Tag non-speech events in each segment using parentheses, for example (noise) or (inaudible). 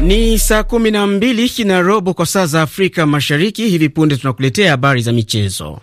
Ni saa kumi na mbili na robo kwa saa za Afrika Mashariki. Hivi punde tunakuletea habari za michezo.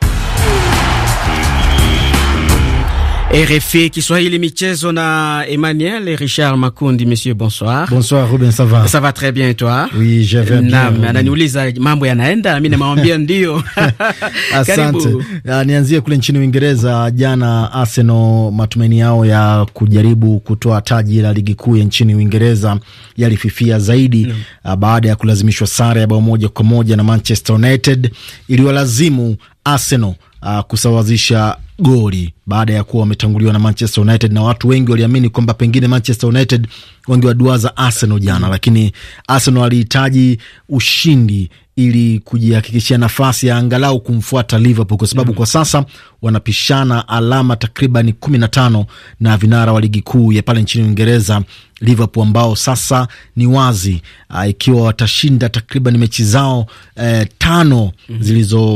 RFI Kiswahili Michezo na Emmanuel Richard Makundi. Monsieur, bonsoir. Bonsoir Ruben, ça va? Ça va très bien et toi? Oui, je vais bien. Na ananiuliza mambo yanaenda, mimi namwambia ndio. (laughs) Asante. Ah, nianzie kule nchini Uingereza. Jana Arsenal, matumaini yao ya kujaribu kutoa taji la ligi kuu ya nchini Uingereza yalififia zaidi no. Ah, baada ya kulazimishwa sare ya bao moja kwa moja na Manchester United iliyolazimu Arsenal Uh, kusawazisha goli baada ya kuwa wametanguliwa na Manchester United, na watu wengi waliamini kwamba pengine Manchester United wangewaduaza Arsenal jana, lakini Arsenal alihitaji ushindi ili kujihakikishia nafasi ya angalau kumfuata Liverpool kwa sababu mm, kwa sasa wanapishana alama takriban 15 na vinara wa ligi kuu ya pale nchini Uingereza Liverpool ambao sasa ni wazi uh, ikiwa watashinda takriban mechi zao uh, tano mm -hmm. zilizo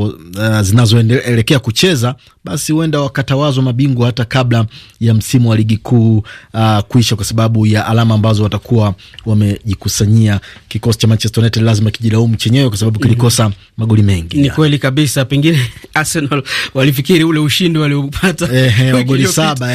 uh, zinazoelekea kucheza basi huenda wakatawazwa mabingwa hata kabla ya msimu wa ligi kuu uh, kuisha, kwa sababu ya alama ambazo watakuwa wamejikusanyia. Kikosi cha Manchester United lazima kijilaumu chenyewe kwa sababu kilikosa mm -hmm. magoli mengi. Ni kweli kabisa, pengine (laughs) Arsenal walifikiri ule ule ushindi waliopata magoli saba,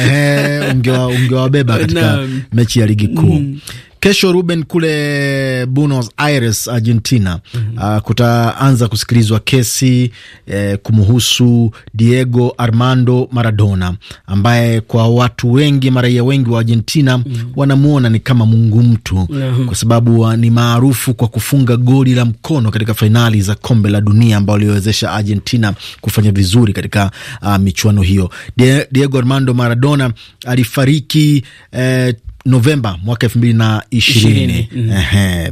ungewabeba katika mechi ya ligi kuu mm. Kesho Ruben, kule Buenos Aires, Argentina, mm -hmm. uh, kutaanza kusikilizwa kesi eh, kumhusu Diego Armando Maradona ambaye kwa watu wengi, maraia wengi wa Argentina mm -hmm. wanamwona ni kama mungu mtu mm -hmm. kwa sababu ah, ni maarufu kwa kufunga goli la mkono katika fainali za kombe la dunia ambao aliowezesha Argentina kufanya vizuri katika uh, michuano hiyo. Diego Armando Maradona alifariki eh, Novemba mwaka elfu mbili na ishirini mm.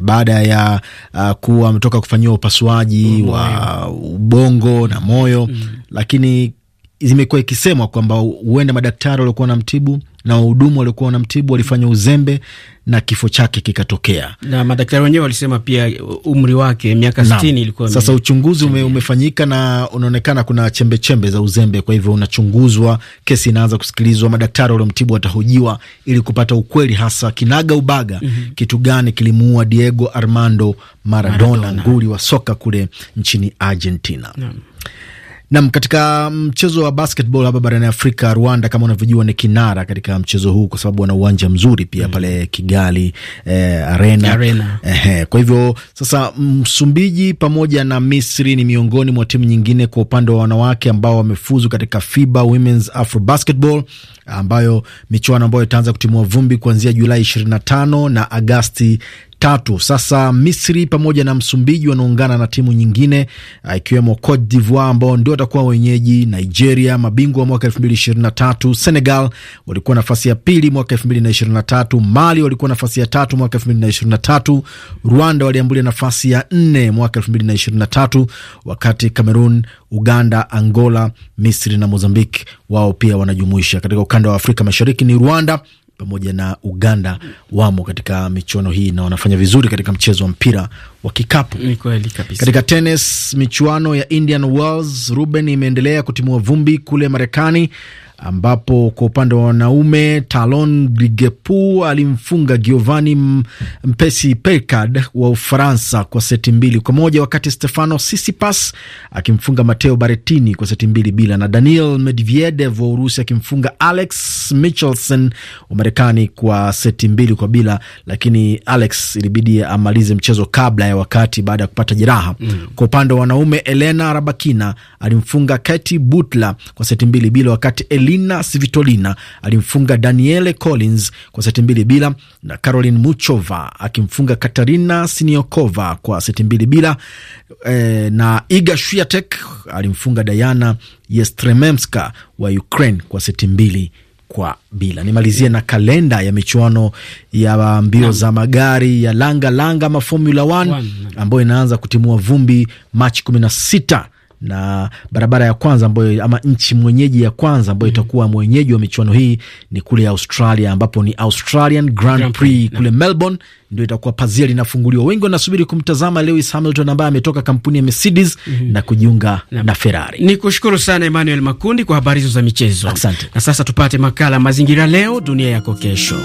baada ya uh, kuwa ametoka kufanyiwa upasuaji mm -hmm. wa ubongo na moyo mm -hmm. lakini zimekuwa ikisemwa kwamba huenda madaktari waliokuwa na mtibu na wahudumu waliokuwa wanamtibu walifanya uzembe na kifo chake kikatokea, na madaktari wenyewe walisema pia umri wake miaka sitini ilikuwa. Sasa uchunguzi ume, umefanyika na unaonekana kuna chembe chembe za uzembe, kwa hivyo unachunguzwa, kesi inaanza kusikilizwa, madaktari waliomtibu watahojiwa ili kupata ukweli hasa kinaga ubaga, mm -hmm. kitu gani kilimuua Diego Armando Maradona, nguli wa soka kule nchini Argentina. Naam. Nam, katika mchezo wa basketball hapa barani Afrika, Rwanda kama unavyojua ni kinara katika mchezo huu, kwa sababu wana uwanja mzuri pia mm. pale Kigali eh, arena, arena. Eh, kwa hivyo sasa Msumbiji pamoja na Misri ni miongoni mwa timu nyingine kwa upande wa wanawake ambao wamefuzu katika FIBA Women's Afro Basketball ambayo michuano ambayo itaanza kutimua vumbi kuanzia Julai 25 na Agasti tatu. Sasa Misri pamoja na Msumbiji wanaungana na timu nyingine ikiwemo Cote d'Ivoire ambao ndio watakuwa wenyeji, Nigeria mabingwa wa mwaka tatu, Senegal walikuwa nafasi ya pili mwaka tatu, Mali walikuwa nafasi ya tatu mwaka tatu, Rwanda waliambulia nafasi ya nne mwaka tatu, wakati Cameroon, Uganda, Angola, Misri na Mozambique wao pia wanajumuisha. Katika ukanda wa Afrika Mashariki ni Rwanda pamoja na Uganda wamo katika michuano hii na wanafanya vizuri katika mchezo wa mpira wa kikapu. Ni kweli kabisa. Katika tenis, michuano ya Indian Wells Ruben imeendelea kutimua vumbi kule Marekani ambapo kwa upande wa wanaume Talon Grigepu alimfunga Giovanni Mpesi Pekard wa Ufaransa kwa seti mbili kwa moja wakati Stefano Sisipas akimfunga Mateo Baretini kwa seti mbili bila na Daniel Medvedev wa Urusi akimfunga Alex Michelson wa Marekani kwa seti mbili kwa bila, lakini Alex ilibidi amalize mchezo kabla ya wakati baada ya kupata jeraha mm. Kwa upande wa wanaume Elena Rabakina alimfunga Katie Butler kwa seti mbili bila wakati Eli Karolina Svitolina alimfunga Daniele Collins kwa seti mbili bila na Caroline Muchova akimfunga Katarina Siniokova kwa seti mbili bila e, na Iga Swiatek alimfunga Diana yestrememska wa Ukraine kwa seti mbili kwa bila. Nimalizie na kalenda ya michuano ya mbio za magari ya langa langa ama Formula 1 ambayo inaanza kutimua vumbi Machi 16 na barabara ya kwanza ambayo ama nchi mwenyeji ya kwanza ambayo mm itakuwa mwenyeji wa michuano hii ni kule Australia, ambapo ni Australian Grand Prix kule Melbourne ndio itakuwa pazia linafunguliwa. Wengi wanasubiri kumtazama Lewis Hamilton ambaye ametoka kampuni ya Mercedes mm -hmm. na kujiunga na, na Ferrari. Ni kushukuru sana Emmanuel Makundi kwa habari hizo za michezo. Asante. Na sasa tupate makala Mazingira Leo Dunia Yako Kesho.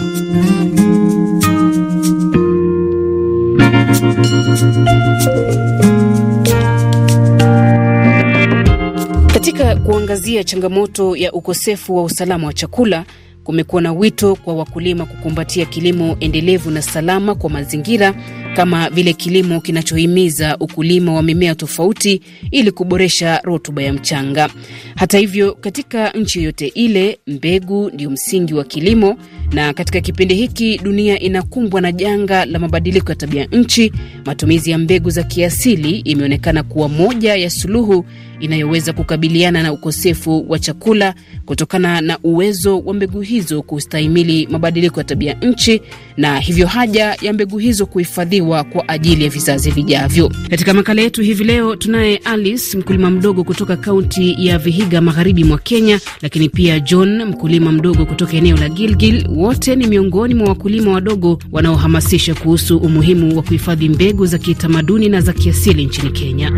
Katika kuangazia changamoto ya ukosefu wa usalama wa chakula, kumekuwa na wito kwa wakulima kukumbatia kilimo endelevu na salama kwa mazingira kama vile kilimo kinachohimiza ukulima wa mimea tofauti ili kuboresha rutuba ya mchanga. Hata hivyo, katika nchi yoyote ile, mbegu ndio msingi wa kilimo, na katika kipindi hiki dunia inakumbwa na janga la mabadiliko ya tabia nchi, matumizi ya mbegu za kiasili imeonekana kuwa moja ya suluhu inayoweza kukabiliana na ukosefu wa chakula kutokana na uwezo wa mbegu hizo kustahimili mabadiliko ya tabia nchi, na hivyo haja ya mbegu hizo kuhifadhiwa kuandaliwa kwa ajili ya vizazi vijavyo. Katika makala yetu hivi leo tunaye Alice, mkulima mdogo kutoka kaunti ya Vihiga, magharibi mwa Kenya, lakini pia John, mkulima mdogo kutoka eneo la Gilgil. Wote ni miongoni mwa wakulima wadogo wanaohamasisha kuhusu umuhimu wa kuhifadhi mbegu za kitamaduni na za kiasili nchini Kenya.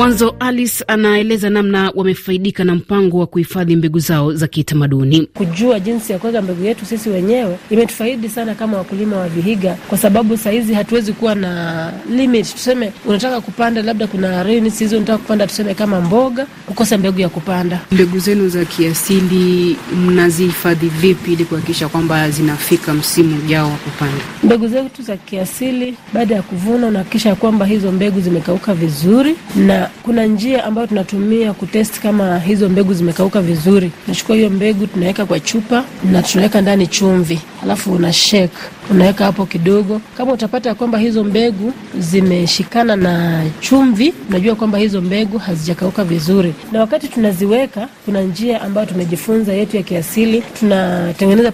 Mwanzo Alice anaeleza namna wamefaidika na mpango wa kuhifadhi mbegu zao za kitamaduni. Kujua jinsi ya kuweka mbegu yetu sisi wenyewe imetufaidi sana kama wakulima wa Vihiga, kwa sababu sahizi hatuwezi kuwa na limit. Tuseme unataka kupanda labda kuna rain season, unataka kupanda tuseme kama mboga, kukosa mbegu ya kupanda. Mbegu zenu za kiasili mnazihifadhi vipi ili kuhakikisha kwamba zinafika msimu ujao wa kupanda? Mbegu zetu za kiasili, baada ya kuvuna, unahakikisha kwamba hizo mbegu zimekauka vizuri na kuna njia ambayo tunatumia kutest kama hizo mbegu zimekauka vizuri. Tunachukua hiyo mbegu tunaweka kwa chupa na tunaweka ndani chumvi, alafu una shake, unaweka hapo kidogo. Kama utapata kwamba hizo mbegu zimeshikana na chumvi, unajua kwamba hizo mbegu hazijakauka vizuri. Na wakati tunaziweka, kuna njia ambayo tumejifunza yetu ya kiasili, tunatengeneza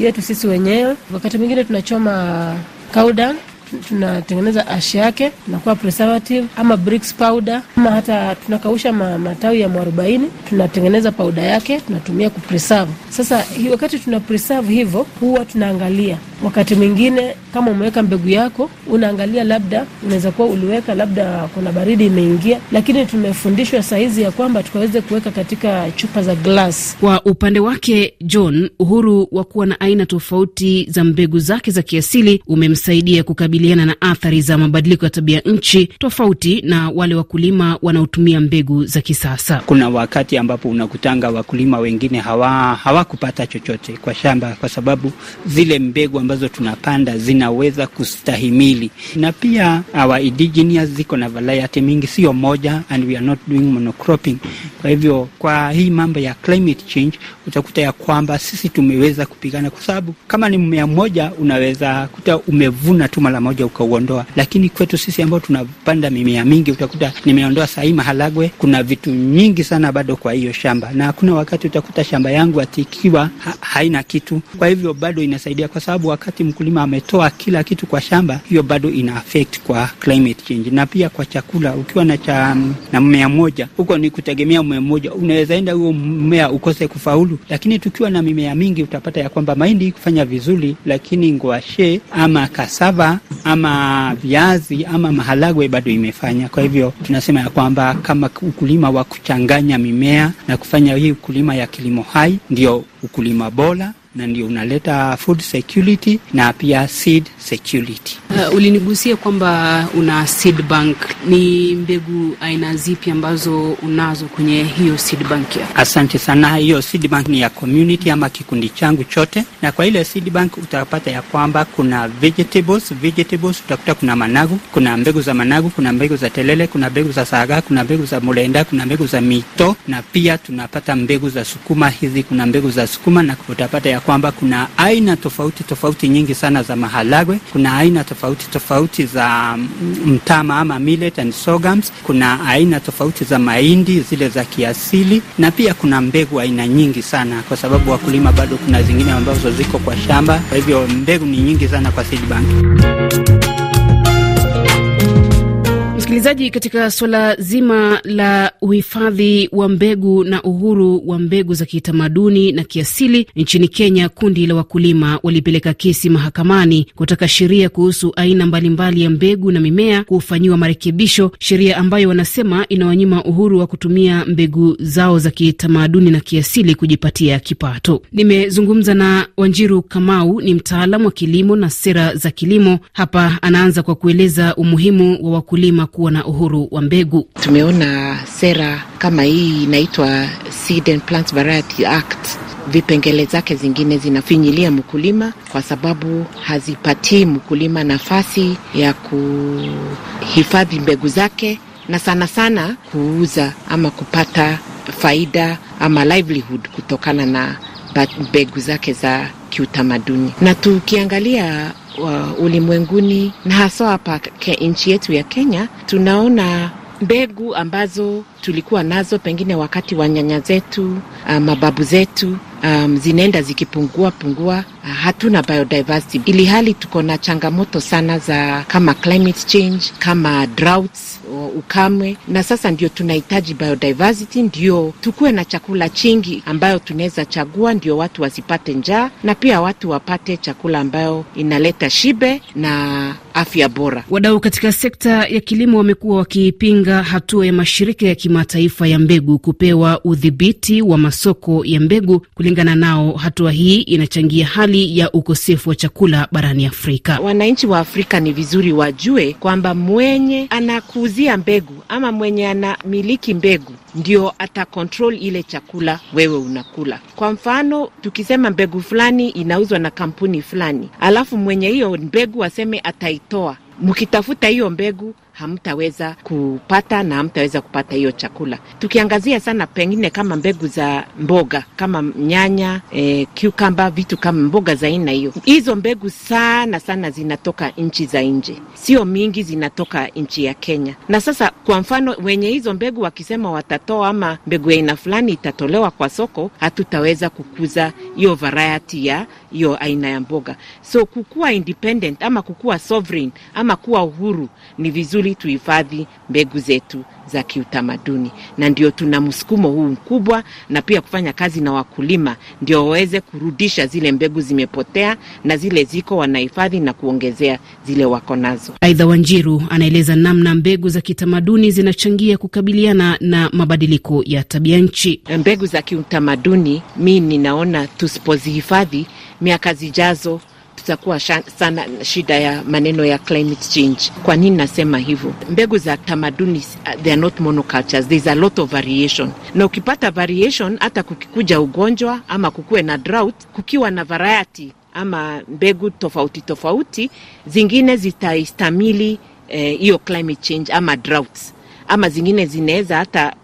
yetu sisi wenyewe. Wakati mwingine tunachoma kauda tunatengeneza ash yake tunakuwa preservative ama bricks powder ama hata tunakausha ma, matawi ya mwarobaini tunatengeneza pauda yake tunatumia kupreserve. Sasa hi, wakati tuna preserve hivyo, huwa tunaangalia wakati mwingine, kama umeweka mbegu yako, unaangalia labda unaweza kuwa uliweka labda kuna baridi imeingia, lakini tumefundishwa saizi ya kwamba tukaweze kuweka katika chupa za glass. Kwa upande wake John, uhuru wa kuwa na aina tofauti za mbegu zake za kiasili umemsaidia kukabili kukabiliana na athari za mabadiliko ya tabia nchi tofauti na wale wakulima wanaotumia mbegu za kisasa. Kuna wakati ambapo unakutanga wakulima wengine hawa hawakupata chochote kwa shamba, kwa sababu zile mbegu ambazo tunapanda zinaweza kustahimili, na pia our indigenous ziko na variety mingi, sio moja, and we are not doing monocropping. Kwa hivyo kwa hii mambo ya climate change utakuta ya kwamba sisi tumeweza kupigana, kwa sababu kama ni mmea mmoja unaweza kuta umevuna tu mara moja moja ukauondoa, lakini kwetu sisi ambao tunapanda mimea mingi utakuta nimeondoa sahi maharagwe, kuna vitu nyingi sana bado kwa hiyo shamba, na hakuna wakati utakuta shamba yangu atikiwa ha haina kitu. Kwa hivyo bado inasaidia, kwa sababu wakati mkulima ametoa kila kitu kwa shamba, hiyo bado ina affect kwa climate change na pia kwa chakula. Ukiwa na cha mm, na mmea mmoja huko ni kutegemea mmea mmoja, unaweza enda huo mmea ukose kufaulu, lakini tukiwa na mimea mingi utapata ya kwamba mahindi kufanya vizuri, lakini ngwashe ama kasava ama viazi ama maharagwe bado imefanya. Kwa hivyo tunasema ya kwamba kama ukulima wa kuchanganya mimea na kufanya hii ukulima ya kilimo hai ndio ukulima bora na ndio unaleta food security na pia seed security. Uh, ulinigusia kwamba una seed bank. Ni mbegu aina zipi ambazo unazo kwenye hiyo seed bank ya? Asante sana. Hiyo seed bank ni ya community ama kikundi changu chote, na kwa ile seed bank utapata ya kwamba kuna vegetables, vegetables utakuta kuna managu, kuna mbegu za managu, kuna mbegu za telele, kuna mbegu za saga, kuna mbegu za mulenda, kuna mbegu za mito, na pia tunapata mbegu za sukuma hizi, kuna mbegu za sukuma na utapata ya kwamba kuna aina tofauti tofauti nyingi sana za maharagwe, kuna aina tofauti tofauti za mm, mtama ama millet and sorghums, kuna aina tofauti za mahindi zile za kiasili, na pia kuna mbegu aina nyingi sana, kwa sababu wakulima bado kuna zingine ambazo ziko kwa shamba. Kwa hivyo mbegu ni nyingi sana kwa seed bank. Msikilizaji, katika suala zima la uhifadhi wa mbegu na uhuru wa mbegu za kitamaduni na kiasili nchini Kenya, kundi la wakulima walipeleka kesi mahakamani kutaka sheria kuhusu aina mbalimbali ya mbegu na mimea kufanyiwa marekebisho, sheria ambayo wanasema inawanyima uhuru wa kutumia mbegu zao za kitamaduni na kiasili kujipatia kipato. Nimezungumza na Wanjiru Kamau, ni mtaalam wa kilimo na sera za kilimo. Hapa anaanza kwa kueleza umuhimu wa wakulima kuwa na uhuru wa mbegu. Tumeona sera kama hii inaitwa Seed and Plant Variety Act, vipengele zake zingine zinafinyilia mkulima kwa sababu hazipatii mkulima nafasi ya kuhifadhi mbegu zake na sana sana kuuza ama kupata faida ama livelihood kutokana na mbegu zake za kiutamaduni. Na tukiangalia wa ulimwenguni na haswa hapa nchi yetu ya Kenya tunaona mbegu ambazo tulikuwa nazo pengine wakati wa nyanya zetu, uh, mababu zetu, um, zinaenda zikipungua pungua hatuna biodiversity, ili hali tuko na changamoto sana za kama climate change, kama droughts, ukamwe, na sasa ndio tunahitaji biodiversity, ndio tukuwe na chakula chingi ambayo tunaweza chagua, ndio watu wasipate njaa na pia watu wapate chakula ambayo inaleta shibe na afya bora. Wadau katika sekta ya kilimo wamekuwa wakiipinga hatua ya mashirika ya kimataifa ya mbegu kupewa udhibiti wa masoko ya mbegu. Kulingana nao, hatua hii inachangia hali hali ya ukosefu wa chakula barani Afrika. Wananchi wa Afrika ni vizuri wajue kwamba mwenye anakuuzia mbegu ama mwenye anamiliki mbegu ndio ata ile chakula wewe unakula. Kwa mfano, tukisema mbegu fulani inauzwa na kampuni fulani, alafu mwenye hiyo mbegu aseme ataitoa Mkitafuta hiyo mbegu hamtaweza kupata na hamtaweza kupata hiyo chakula. Tukiangazia sana pengine kama mbegu za mboga kama nyanya e, cucumber, vitu kama mboga za aina hiyo, hizo mbegu sana sana zinatoka nchi za nje, sio mingi zinatoka nchi ya Kenya. Na sasa kwa mfano, wenye hizo mbegu wakisema watatoa ama mbegu ya aina fulani itatolewa kwa soko, hatutaweza kukuza hiyo variety ya hiyo aina ya mboga. So kukuwa independent ama kukuwa sovereign ama kuwa uhuru ni vizuri ili tuhifadhi mbegu zetu za kiutamaduni, na ndio tuna msukumo huu mkubwa, na pia kufanya kazi na wakulima ndio waweze kurudisha zile mbegu zimepotea, na zile ziko wanahifadhi na kuongezea zile wako nazo. Aidha, Wanjiru anaeleza namna mbegu za kitamaduni zinachangia kukabiliana na mabadiliko ya tabia nchi. Mbegu za kiutamaduni, mi ninaona tusipozihifadhi, miaka zijazo itakuwa sana shida ya maneno ya climate change. Kwa nini nasema hivyo? Mbegu za tamaduni uh, they are not monocultures, there is a lot of variation, na ukipata variation, hata kukikuja ugonjwa ama kukuwe na drought, kukiwa na variety ama mbegu tofauti tofauti, zingine zitaistamili eh, hiyo eh, climate change ama droughts, ama zingine zinaweza hata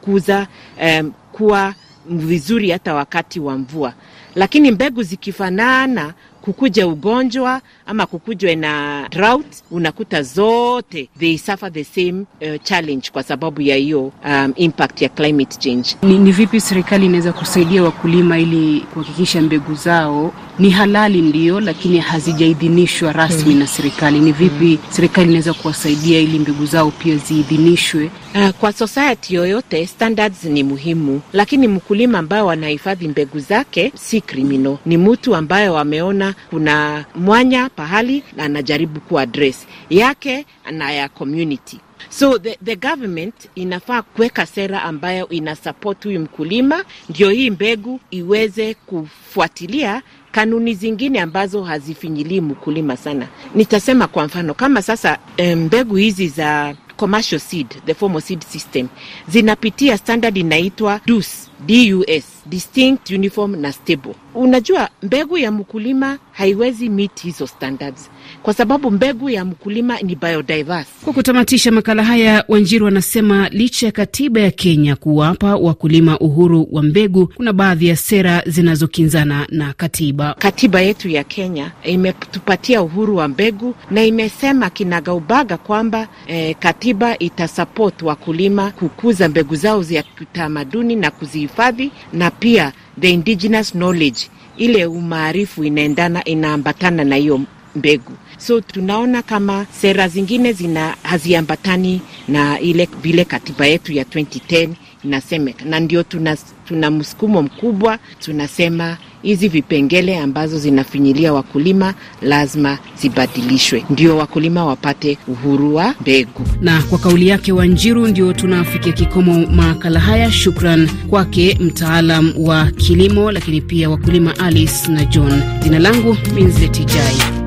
kuza eh, kuwa vizuri hata wakati wa mvua, lakini mbegu zikifanana kukuja ugonjwa ama kukujwe na drought, unakuta zote they suffer the same uh, challenge kwa sababu ya hiyo um, impact ya climate change. Ni, ni vipi serikali inaweza kusaidia wakulima ili kuhakikisha mbegu zao ni halali ndio, lakini hazijaidhinishwa rasmi hmm. na serikali. Ni vipi hmm. serikali inaweza kuwasaidia ili mbegu zao pia ziidhinishwe? Uh, kwa society yoyote standards ni muhimu, lakini mkulima ambayo wanahifadhi mbegu zake si criminal, ni mtu ambayo wameona kuna mwanya pahali na anajaribu kuadress yake na ya community. So the, the government inafaa kuweka sera ambayo ina support huyu mkulima, ndio hii mbegu iweze kufuatilia kanuni zingine ambazo hazifinyilii mkulima sana. Nitasema kwa mfano kama sasa eh, mbegu hizi za commercial seed, the formal seed system zinapitia standard inaitwa DUS, DUS, distinct uniform na stable. Unajua, mbegu ya mkulima haiwezi meet hizo standards kwa sababu mbegu ya mkulima ni biodiverse. Kwa kutamatisha makala haya, Wanjiru wanasema licha ya katiba ya Kenya kuwapa wakulima uhuru wa mbegu, kuna baadhi ya sera zinazokinzana na katiba. Katiba yetu ya Kenya imetupatia uhuru wa mbegu na imesema kinagaubaga kwamba eh, katiba itasupport wakulima kukuza mbegu zao za kitamaduni na kuzihifadhi na pia the indigenous knowledge ile umaarifu inaendana inaambatana na hiyo mbegu. So tunaona kama sera zingine zina haziambatani na ile vile katiba yetu ya 2010 inasemeka, na ndio tuna, tuna msukumo mkubwa, tunasema hizi vipengele ambazo zinafinyilia wakulima lazima zibadilishwe, ndio wakulima wapate uhuru wa mbegu. Na kwa kauli yake Wanjiru, ndio tunafikia kikomo makala haya. Shukran kwake mtaalam wa kilimo, lakini pia wakulima Alice na John. Jina langu Minzeti Jai.